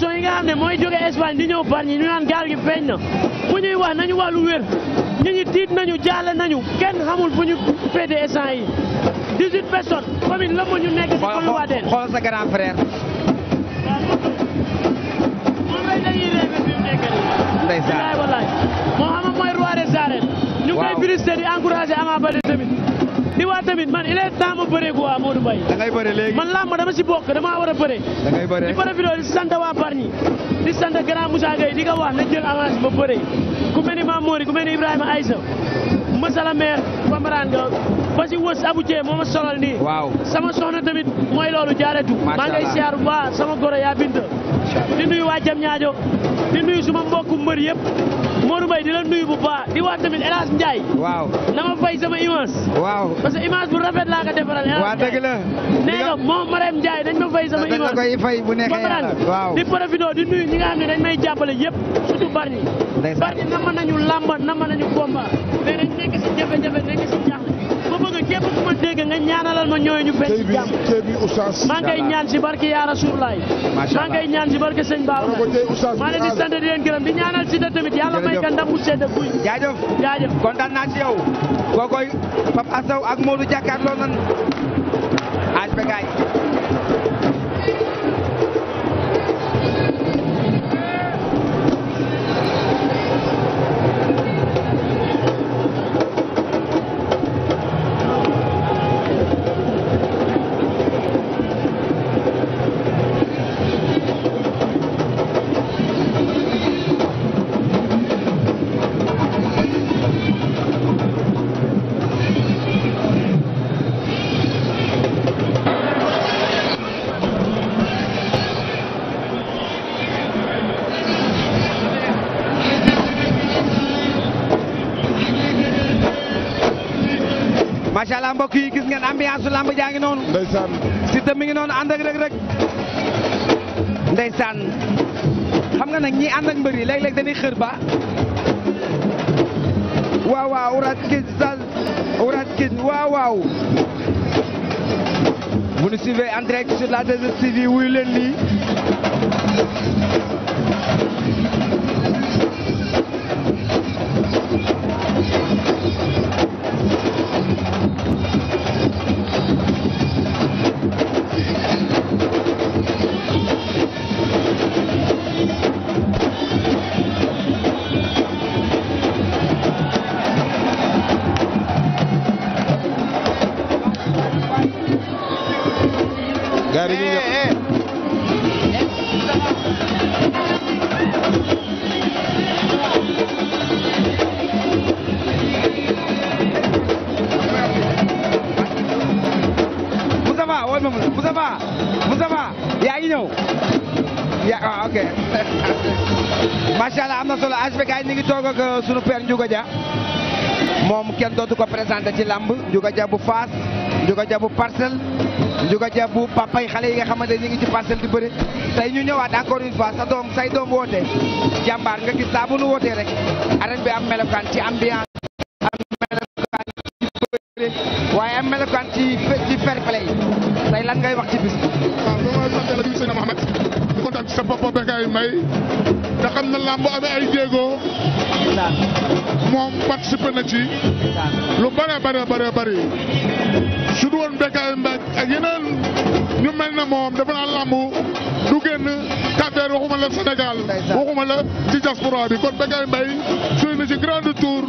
délégation yi nga xam ne mooy joge Espagne di ñëw Bargny ñu naan gaal gi feeñ na bu ñuy wax nañu wàllu wér ñi ñi tiit nañu jaale nañu kenn xamul fu ñu féete instant yi 18 personnes la mu ñu nekk ci commune Wadène xool sa grand di waa tamit man il est ma bëree ko waa Modou Mbaye. da ngay bëre man làmb dama si bokk damaa war a bëre. da ngay bëre di profité di sant waa Bargny di sant grand Moussa Gueye di nga wax na jël avance ba bëre ku mel ni Mamour ku mel ni Ibrahima Aïssa masala maire comprendre nga ba si wës Abou moo ma solal nii. sama soxna tamit mooy loolu jaaratu. macha maa ngay siyaar bu sama goro yaa Binta. di nuyu waa Jam ñaajo di nuyu suma mbokku mbër yëpp. Modou Mbaye di nuyu bu baax di wax tamit El Hadj Ndiaye. waaw na ma fay sama image. waaw parce que image bu rafet laa ko defaral. El Hadj Ndiaye waaw dëgg la. dañ ma fay sama image dañ ma koy fay bu nekkee yàlla waaw di nuyu ñi nga xam ne dañ may jàppale yëpp surtout Bargny. ndeysaan Bargny nama nañu làmba nama nañu bomba mais dañ si jafe-jafe nekk si jaaxle. dama bëgg képp ku ma dégg nga ñaanalal ma ñooy ñu benn jàmm tey bi oustaz maa ngay ñaan si barke yaa Rasulullaay maa ngay ñaan si barke sëñ Ba maa leen di sant di leen gërëm di ñaanal si da tamit yàlla may ka ndam bu sedd buy jaajëf jaajëf kontaan naa ci yow kookoy Papa Sow ak Modou jàkkaarloo nan aj macha allah mbokk yi gis ngeen ambiance su lamb jaa ngi noonu. ndeysaan Siteu mi ngi noonu ànd ak Reug Reug ndeysaan xam nga nag ñi ànd ak mbër yi léeg-léeg dañuy xër ba waaw waaw urat kis sal urat kis waaw waaw vous nous suivez en direct sur la 2STV wuyu leen lii gaa eh, eh, eh. yi Moussa Ba yaa ngi ñëw ya waaw ah, ok macha am na solo HBK ñu ngi toog ak uh, sunu père Ndiouga Dia moom kenn dootu ko présenté ci làmb Ndiouga Dia bu Fass Ndiouga Dia bu Parcelles ñu ko jàpp papa yi xale yi nga xamante ne ci parcelle di bëri tey ñu ñëwaat encore une fois sa doom say doom woote jàmbaar nga gis saa bu nu wootee rek arène bi am melokaan ci ambiance am melokaan ci waaye am melokaan ci ci fair play tey lan wax ci bis waaw loolu mooy sant la bi sëñ Mouhamed di kontaan ci sa bopp bekay may te xam na làmb amee ay lu bare bare bare su du woon Bécaye Mbaye ak yeneen ñu mel ne moom dafa naa làmb du génn Cap-Vert waxuma la Sénégal waxuma la ci diaspora bi kon Bécaye Mbaye suy na ci grand tour